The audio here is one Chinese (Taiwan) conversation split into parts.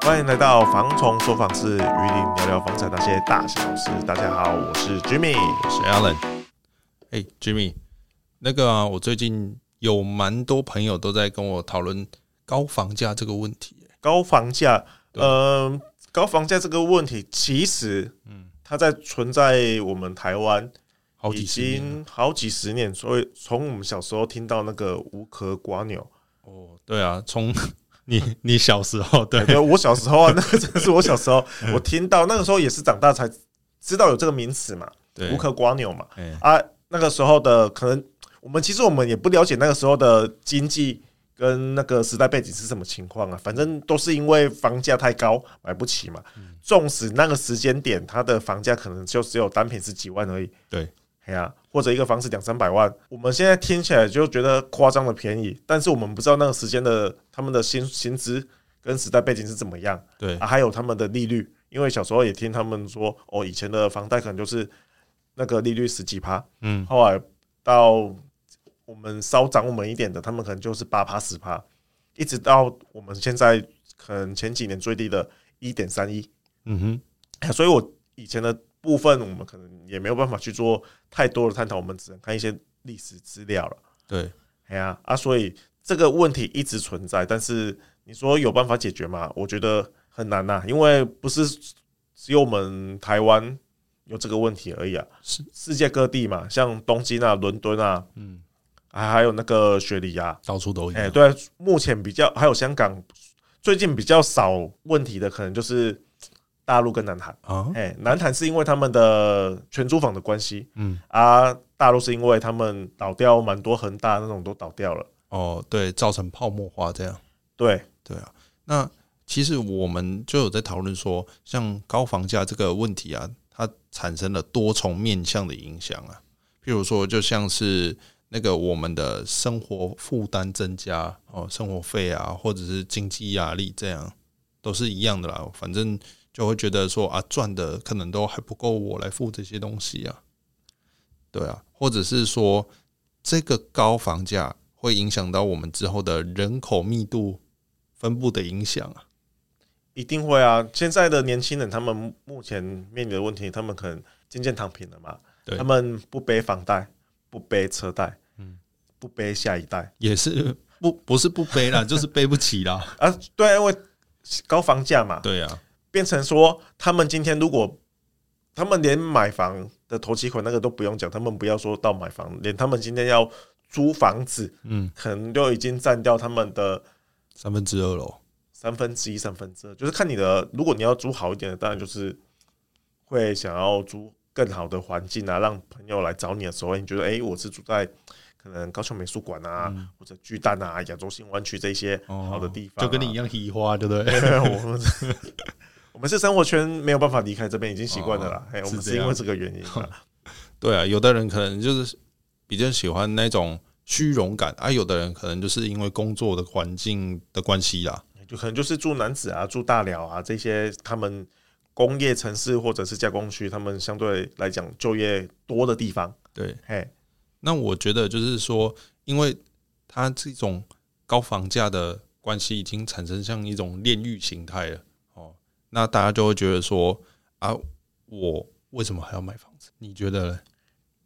歡迎來到房蟲說房事，魚林聊聊房產那些大小事。大家好，我是 Jimmy，我是 Allen。哎，Jimmy，那個啊，我最近有蠻多朋友都在跟我討論高房價這個問題。高房價，嗯、呃，高房價這個問題其實，嗯，它在存在我們台灣、嗯、好幾十已經好幾十年，所以從我們小時候聽到那個無殼蝸牛。哦，對啊，從。 你你小時候對、欸、對，我小時候啊，那個真是我小時候，我聽到那個時候也是長大才知道有這個名詞嘛，對，無殼蝸牛嘛，欸、啊，那個時候的可能我們其實我們也不了解那個時候的經濟跟那個時代背景是什麼情況啊，反正都是因為房價太高買不起嘛，縱、嗯、使那個時間點它的房價可能就只有單坪是幾萬而已，對，哎呀。或者一個房子兩三百萬，我們現在聽起來就覺得誇張的便宜，但是我們不知道那個時間的他們的薪薪資跟時代背景是怎麼樣。對、啊，還有他們的利率，因為小時候也聽他們說，哦，以前的房貸可能就是那個利率十幾趴，嗯，後來到我們稍長，我們一點的，他們可能就是八趴十趴，一直到我們現在可能前幾年最低的一點三一。嗯哼、啊，所以我以前的。部分我們可能也沒有辦法去做太多的探討，我們只能看一些歷史資料了。對，哎呀，啊、啊，所以這個問題一直存在，但是你說有辦法解決嗎？我覺得很難吶，啊，因為不是只有我們台灣有這個問題而已啊，是世界各地嘛，像東京啊、倫敦啊，嗯，還還有那個雪梨啊，到處都有。哎，對，啊，目前比較還有香港最近比較少問題的，可能就是。大陸跟南韓啊，誒、欸，南韓是因為他們的全租房的關係，嗯，啊，大陸是因為他們倒掉蠻多恆大那種都倒掉了，哦，對，造成泡沫化這樣，對對啊。那其實我們就有在討論說，像高房價這個問題啊，它產生了多重面向的影響啊，譬如說，就像是那個我們的生活負擔增加哦，生活費啊，或者是經濟壓力這樣，都是一樣的啦，反正。就會覺得說啊，賺的可能都還不夠我來付這些東西啊，對啊，或者是說這個高房價會影響到我們之後的人口密度分布的影響啊，一定會啊！現在的年輕人他們目前面臨的問題，他們可能漸漸躺平了嘛，他們不背房貸，不背車貸，嗯，不背下一代也是不不是不背啦， 就是背不起啦啊！對，因為高房價嘛，對啊。變成說，他們今天如果他們連買房的頭期款那個都不用講，他們不要說到買房，連他們今天要租房子，嗯，可能都已經佔掉他們的三分之二了。三分之一，三分之二，就是看你的。如果你要租好一點的，當然就是會想要租更好的環境啊。讓朋友來找你的時候，你覺得哎、欸，我是住在可能高雄美術館啊、嗯，或者巨蛋啊、亞洲新灣區這些好的地方，啊哦，就跟你一樣虛華，對不對？ 我們是生活圈沒有辦法離開這邊，已經習慣了啦。哎、啊啊欸，我們是因為這個原因、啊。對啊，有的人可能就是比較喜歡那種虛榮感，啊，有的人可能就是因為工作的環境的關係啦，就可能就是住楠梓啊、住大寮啊這些，他們工業城市或者是加工區，他們相對來講就業多的地方。對，哎，那我覺得就是說，因為他這種高房價的關係，已經產生像一種煉獄形態了。那大家就會覺得說啊，我為什麼還要買房子？你覺得呢？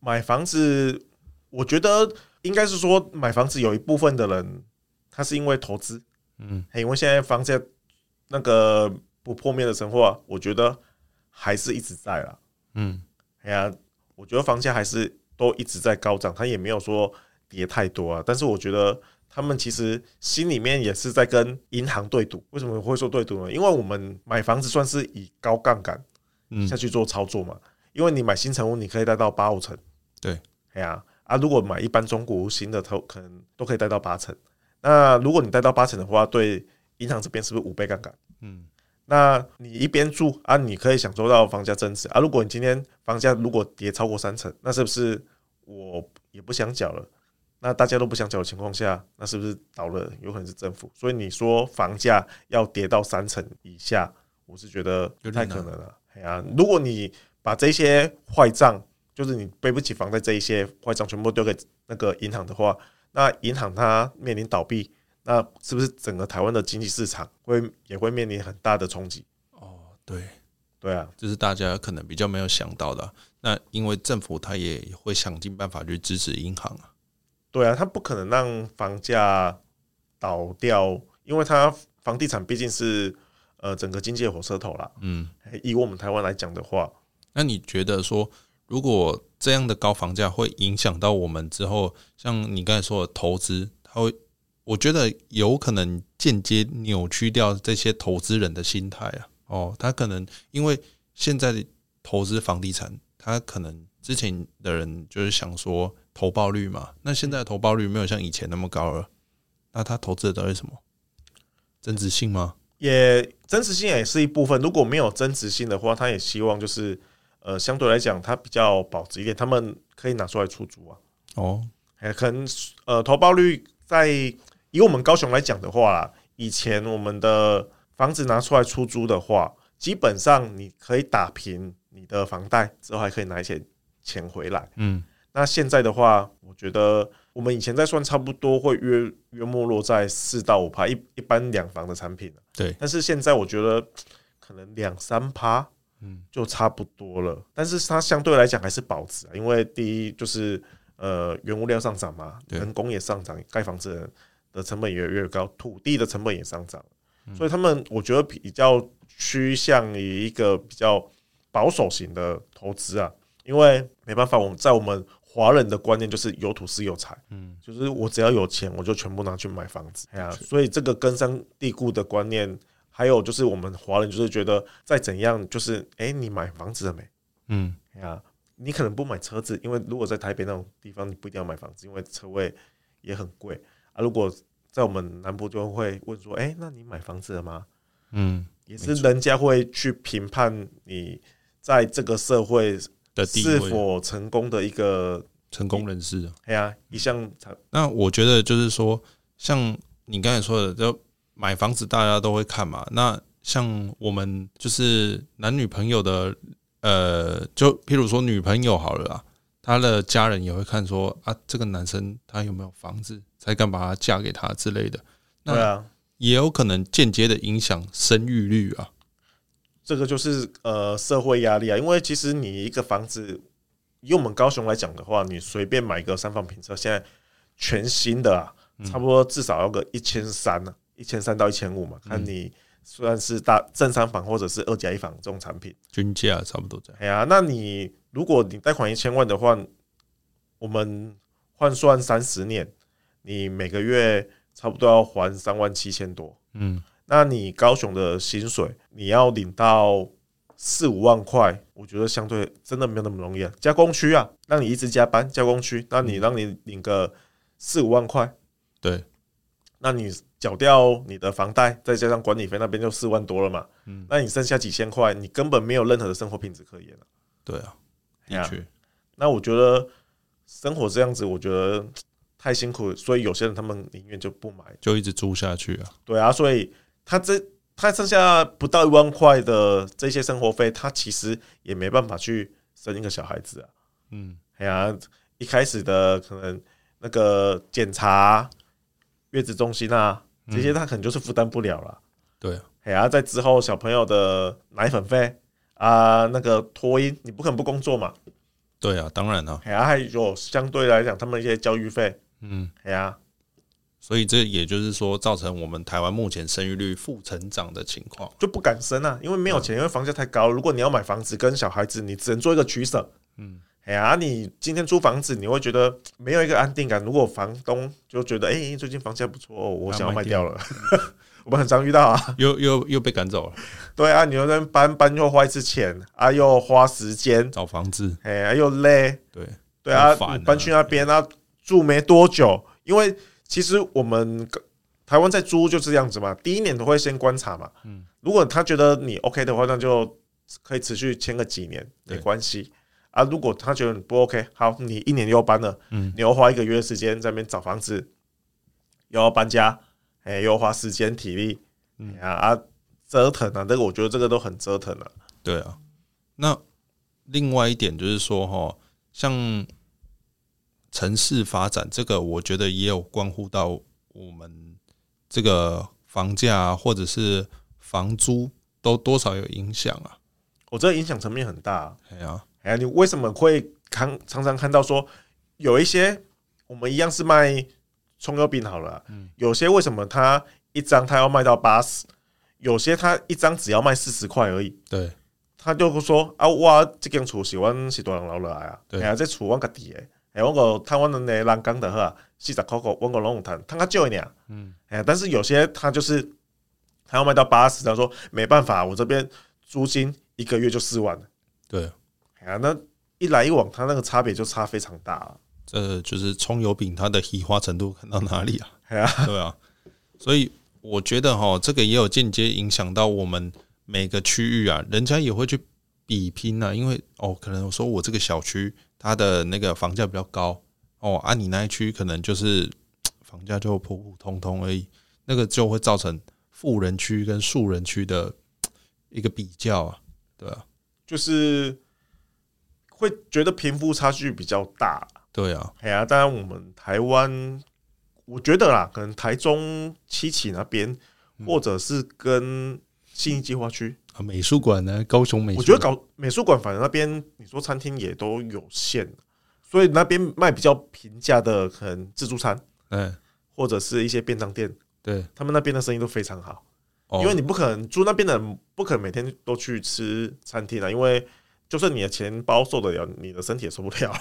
買房子？我覺得應該是說買房子有一部分的人，他是因為投資，嗯，因為現在房價那個不破滅的神話、啊，我覺得還是一直在啦，嗯，哎呀、啊，我覺得房價還是都一直在高漲，它也沒有說跌太多啊，但是我覺得。他們其實心裡面也是在跟銀行對賭，為什麼會說對賭呢？因為我們買房子算是以高槓桿下去做操作嘛。嗯、因為你買新成屋，你可以貸到八五成。對，哎呀、啊，啊，如果買一般中古新的都，都可能都可以貸到八成。那如果你貸到八成的話，對銀行這邊是不是五倍槓桿？嗯，那你一邊住啊，你可以享受到房價增值啊。如果你今天房價如果跌超過三成，那是不是我也不想繳了？那大家都不想繳的情況下，那是不是倒了？有可能是政府。所以你說房價要跌到三成以下，我是覺得不太可能了。哎如果你把這些壞賬，就是你背不起房貸這一些壞賬，全部丟給那個銀行的話，那銀行它面臨倒閉，那是不是整個台灣的經濟市場會也會面臨很大的衝擊？哦，對，對啊，這是大家可能比較沒有想到的。那因為政府它也會想盡辦法去支持銀行啊。對啊，他不可能讓房價倒掉，因為他房地產畢竟是呃整個經濟的火車頭啦。嗯，以我們台灣來講的話，那你覺得說，如果這樣的高房價會影響到我們之後，像你剛才說的投資，他會，我覺得有可能間接扭曲掉這些投資人的心態啊。哦，他可能因為現在投資房地產，他可能之前的人就是想說。投報率嘛，那現在的投報率沒有像以前那麼高了，那他投資的到底是什麼？增值性嗎？也增值性也是一部分。如果沒有增值性的話，他也希望就是呃，相對來講他比較保值一點，他們可以拿出來出租啊。哦，可能呃，投報率在以我們高雄來講的話，以前我們的房子拿出來出租的話，基本上你可以打平你的房貸之後，還可以拿一些錢回來。嗯。那現在的話，我覺得我們以前在算差不多會約約沒落在四到五趴一一般兩房的產品，對，但是現在我覺得可能兩三趴，嗯，就差不多了。嗯、但是它相對來講還是保值啊，因為第一就是呃，原物料上漲嘛，人工也上漲，蓋房子的成本也越來越高，土地的成本也上漲，嗯，所以他們我覺得比較趨向於一個比較保守型的投資啊，因為沒辦法，我們在我們。華人的觀念就是有土斯有財，嗯，就是我只要有錢，我就全部拿去買房子，哎、嗯、呀，所以這個根深蒂固的觀念，還有就是我們華人就是覺得再怎樣，就是哎、欸，你買房子了沒？嗯，啊、嗯，你可能不買車子，因為如果在台北那種地方，你不一定要買房子，因為車位也很貴啊。如果在我們南部就會問說，哎、欸，那你買房子了嗎？嗯，也是人家會去評判你在這個社會，是否成功的一個成功人士？哎呀，一項產。那我覺得就是說，像你剛才說的，就買房子，大家都會看嘛。那像我們就是男女朋友的，呃，就譬如說女朋友好了，啊，她的家人也會看，說啊，這個男生他有沒有房子，才敢把他嫁給他之類的。對啊，也有可能間接的影響生育率啊。這個就是呃社會壓力啊，因為其實你一個房子，用我們高雄來講的話，你隨便買個三房平車，現在全新的啊，嗯、差不多至少要個一千三啊，一千三到一千五嘛，嗯，看你雖然是大正三房或者是二加一房這種產品，均價差不多這樣。哎呀，那你如果你貸款一千萬的話，我們換算三十年，你每個月差不多要還三萬七千多，嗯。那你高雄的薪水，你要領到四五萬塊，我覺得相對真的沒有那麼容易啊。加工區啊，那你一直加班，加工區，那你讓你領個四五萬塊，對，那你繳掉你的房貸，再加上管理費，那邊就四萬多了嘛。嗯，那你剩下幾千塊，你根本沒有任何的生活品質可言了。對啊，的確啊。那我覺得生活這樣子，我覺得太辛苦，所以有些人他們寧願就不買，就一直租下去啊。對啊，所以。他這他剩下不到一萬塊的這些生活費，他其實也沒辦法去生一個小孩子啊。嗯，哎、hey、呀、啊，一開始的可能那個檢查、月子中心啊，嗯、這些他可能就是負擔不了了。對、啊，哎、hey、呀、啊，在之後小朋友的奶粉費啊，那個托嬰，你不可能不工作嘛。對啊，當然了、啊，哎、hey、呀、啊，還有相對來講他們一些教育費，嗯，哎、hey、呀、啊。所以這也就是說，造成我們台灣目前生育率負成長的情況、啊，就不敢生啊，因為沒有錢，啊、因為房價太高。如果你要買房子跟小孩子，你只能做一個取舍。嗯，哎呀，你今天租房子，你會覺得沒有一個安定感。如果房東就覺得，哎、欸，最近房價不錯，我想要賣掉了、啊買呵呵，我們很常遇到啊，又又又被趕走了。對啊，你又在搬搬又花一次錢啊，又花時間找房子，哎、啊，又累。對對啊，啊，搬去那邊啊，住沒多久，因為。其實我們台灣在租就是這樣子嘛，第一年都會先觀察嘛。嗯，如果他覺得你 OK 的話，那就可以持續簽個幾年沒關係。啊，如果他覺得你不 OK，好，你一年又搬了，嗯，你又花一個月的時間在那邊找房子，又要搬家，誒，又要花時間體力，嗯啊，折騰啊，這個我覺得這個都很折騰了，啊。對啊，那另外一點就是說哈，像。城市發展這個，我覺得也有關乎到我們這個房價、啊、或者是房租都多少有影響啊。我、哦、這個、影響層面很大、啊。哎呀、啊，哎呀、啊，你為什麼會看常常看到說有一些我們一樣是賣蔥油餅好了、啊，嗯，有些為什麼他一張他要賣到八十，有些他一張只要賣四十塊而已。對，他就會說啊，哇，這間廚喜歡是多養老了啊，對。對啊、這廚我個弟誒。誒、欸，我講台灣的那浪港的哈，其實 Coco 我講龍談，他他少一點。嗯、欸。誒，但是有些他就是，他要賣到八十，他說沒辦法，我這邊租金一個月就四萬。對。哎、欸、那一來一往，他那個差別就差非常大了。這就是蔥油餅，它的稀化程度看到哪裡啊？對啊。對啊 所以我覺得哈，這個也有間接影響到我們每個區域啊，人家也會去比拼啊，因為哦，可能我說我這個小區。他的那個房價比較高哦，啊，你那一區可能就是房價就普普通通而已，那個就會造成富人區跟庶人區的一個比較啊，對啊，就是會覺得貧富差距比較大，對啊，哎呀、啊，當然我們臺灣，我覺得啦，可能台中七期那邊、嗯，或者是跟信義計劃區。啊，美術館呢？高雄美術館，我覺得搞美術館反正那邊，你說餐廳也都有限，所以那邊賣比較平價的，可能自助餐，嗯、欸，或者是一些便當店，對他們那邊的生意都非常好、哦，因為你不可能住那邊的人不可能每天都去吃餐廳啊。因為就算你的錢包受得了，你的身體也受不了。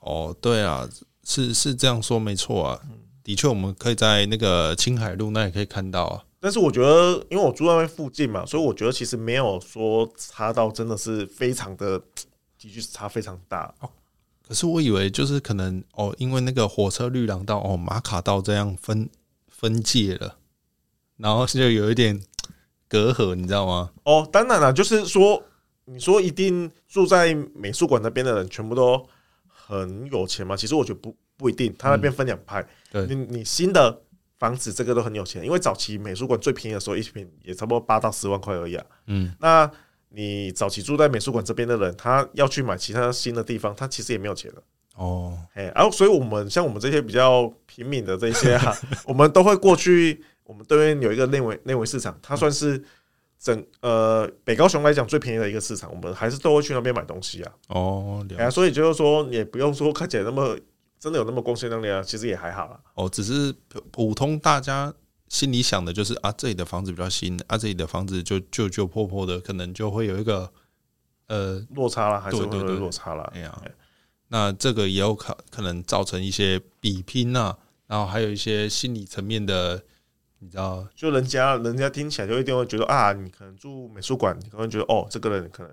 哦，對啊，是是這樣說沒錯啊，嗯、的確，我們可以在那個青海路那也可以看到啊。但是我覺得，因為我住在附近嘛，所以我覺得其實沒有說差到真的是非常的，差距差非常大。哦，可是我以為就是可能哦，因為那個火車綠廊道哦，馬卡道這樣分分界了，然後就有一點隔閡，你知道嗎？哦，當然了，就是說，你說一定住在美術館那邊的人全部都很有錢嘛，其實我覺得不不一定，他那邊分兩派，嗯，對。你你新的。房子這個都很有錢，因為早期美術館最便宜的時候，一平也差不多八到十萬塊而已啊。嗯，那你早期住在美術館這邊的人，他要去買其他新的地方，他其實也沒有錢的。哦，誒、啊，然後所以我們像我們這些比較平民的這些啊， 我們都會過去，我們對面有一個內圍內圍市場，它算是整呃北高雄來講最便宜的一個市場，我們還是都會去那邊買東西啊。哦，對啊，所以就是說也不用說看起來那麼。真的有那麼光鮮亮麗啊？其實也還好啦。哦，只是普通大家心裡想的就是啊，這裡的房子比較新，啊，這裡的房子就就就破破的，可能就會有一個呃落差啦，還是有落差啦這樣。那這個也有可可能造成一些比拼啊，然後還有一些心理層面的，你知道，就人家人家聽起來就一定會覺得啊，你可能住美術館，你可能覺得哦，這個人可能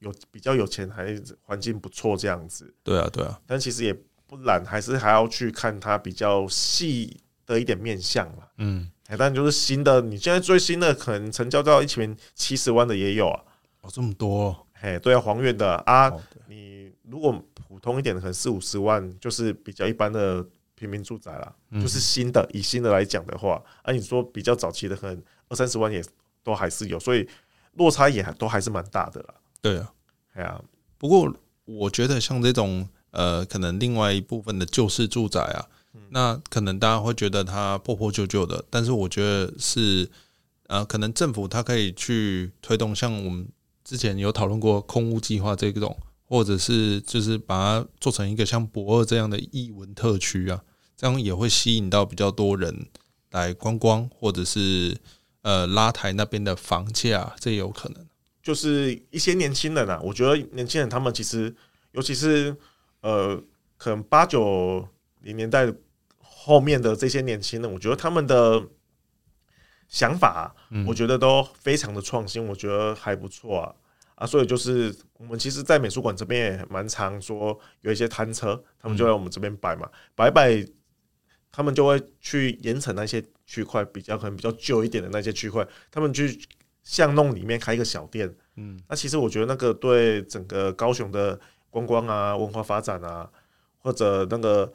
有比較有錢，還環境不錯這樣子。對啊，對啊，但其實也。不然還是還要去看它比較細的一點面向嘛。嗯，哎，但就是新的，你現在最新的可能成交到一千七十萬的也有啊，哦，這麼多、哦，哎，對要、啊、黃月的啊、哦，你如果普通一點的，可能四五十萬，就是比較一般的平民住宅了，嗯、就是新的，以新的來講的話，按、啊、你說比較早期的，可能二三十萬也都還是有，所以落差也還都還是蠻大的啦，對啊，哎呀，不過我覺得像這種。呃，可能另外一部分的舊式住宅啊，嗯，那可能大家會覺得它破破舊舊的，但是我覺得是，呃，可能政府它可以去推動，像我們之前有討論過空屋計劃這種，或者是就是把它做成一個像駁二這樣的藝文特區啊，這樣也會吸引到比較多人來觀光，或者是呃拉抬那邊的房價，啊，這也有可能。就是一些年輕人啊，我覺得年輕人他們其實，尤其是。呃，可能八九零年代後面的這些年輕人，我覺得他們的想法、啊嗯，我覺得都非常的創新，我覺得還不錯啊。啊，所以就是我們其實，在美術館這邊也蠻常說有一些攤車，他們就在我們這邊擺嘛，擺、嗯、擺，擺一擺他們就會去鹽埕那些區塊，比較可能比較舊一點的那些區塊，他們去巷弄裡面開一個小店。嗯，那其實我覺得那個對整個高雄的。觀光啊，文化發展啊，或者那個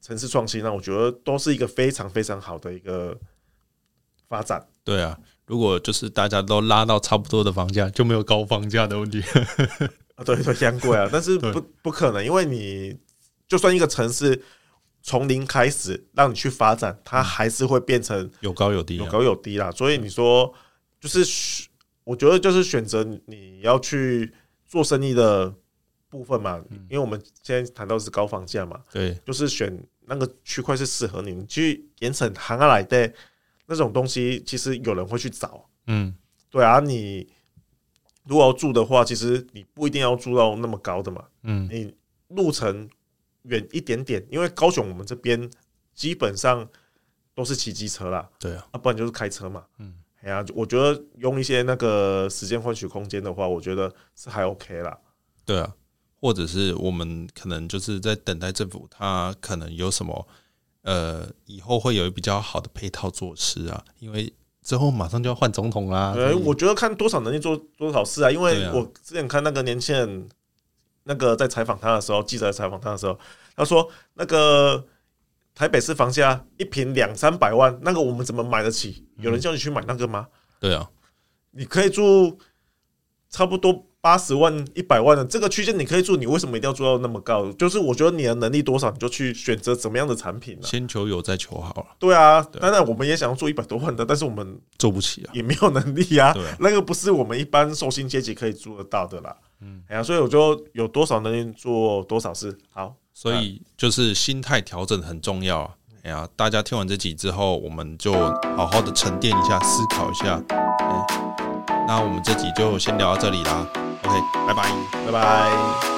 城市創新，啊，我覺得都是一個非常非常好的一個發展。對啊，如果就是大家都拉到差不多的房價，就沒有高房價的問題 、啊、對對，一樣貴啊。但是不 不可能，因為你就算一個城市從零開始讓你去發展，嗯、它還是會變成有高有低，有高有低啦。所以你說就是，我覺得就是選擇你要去做生意的。部分嘛，嗯，因為我們現在談到的是高房價嘛，對，就是選那個區塊是適合你，你去延伸行下來的。那種東西其實有人會去找，嗯，對啊，你如果要住的話，其實你不一定要住到那麼高的嘛，嗯，你路程遠一點點，因為高雄我們這邊基本上都是騎機車啦，對啊，啊不然就是開車嘛，嗯，哎呀，啊，我覺得用一些那個時間換取空間的話，我覺得是還 OK 啦，對啊。或者是我們可能就是在等待政府，他可能有什麼呃，以後會有比較好的配套措施啊。因為之後馬上就要換總統啦。對啊。我覺得看多少能力做多少事啊。因為我之前看那個年輕人，那個在採訪他的時候，記者採訪他的時候，他說那個台北市房價一坪兩三百萬，那個我們怎麼買得起？有人叫你去買那個嗎？對啊，你可以住差不多，八十萬、一百萬的這個區間，你可以做，你為什麼一定要做到那麼高？就是我覺得你的能力多少，你就去選擇怎麼樣的產品了、啊。先求有，再求好了、啊。對啊對，當然我們也想要做一百多萬的，但是我們做不起啊，也沒有能力啊。對啊，那個不是我們一般受薪階級可以做得到的啦。嗯，哎呀、啊，所以我就有多少能力做多少事。好，所以、啊、就是心態調整很重要、啊。哎呀、啊，大家聽完這集之後，我們就好好的沉澱一下，思考一下。哎，那我們這集就先聊到這裡啦。OK，拜拜，拜拜。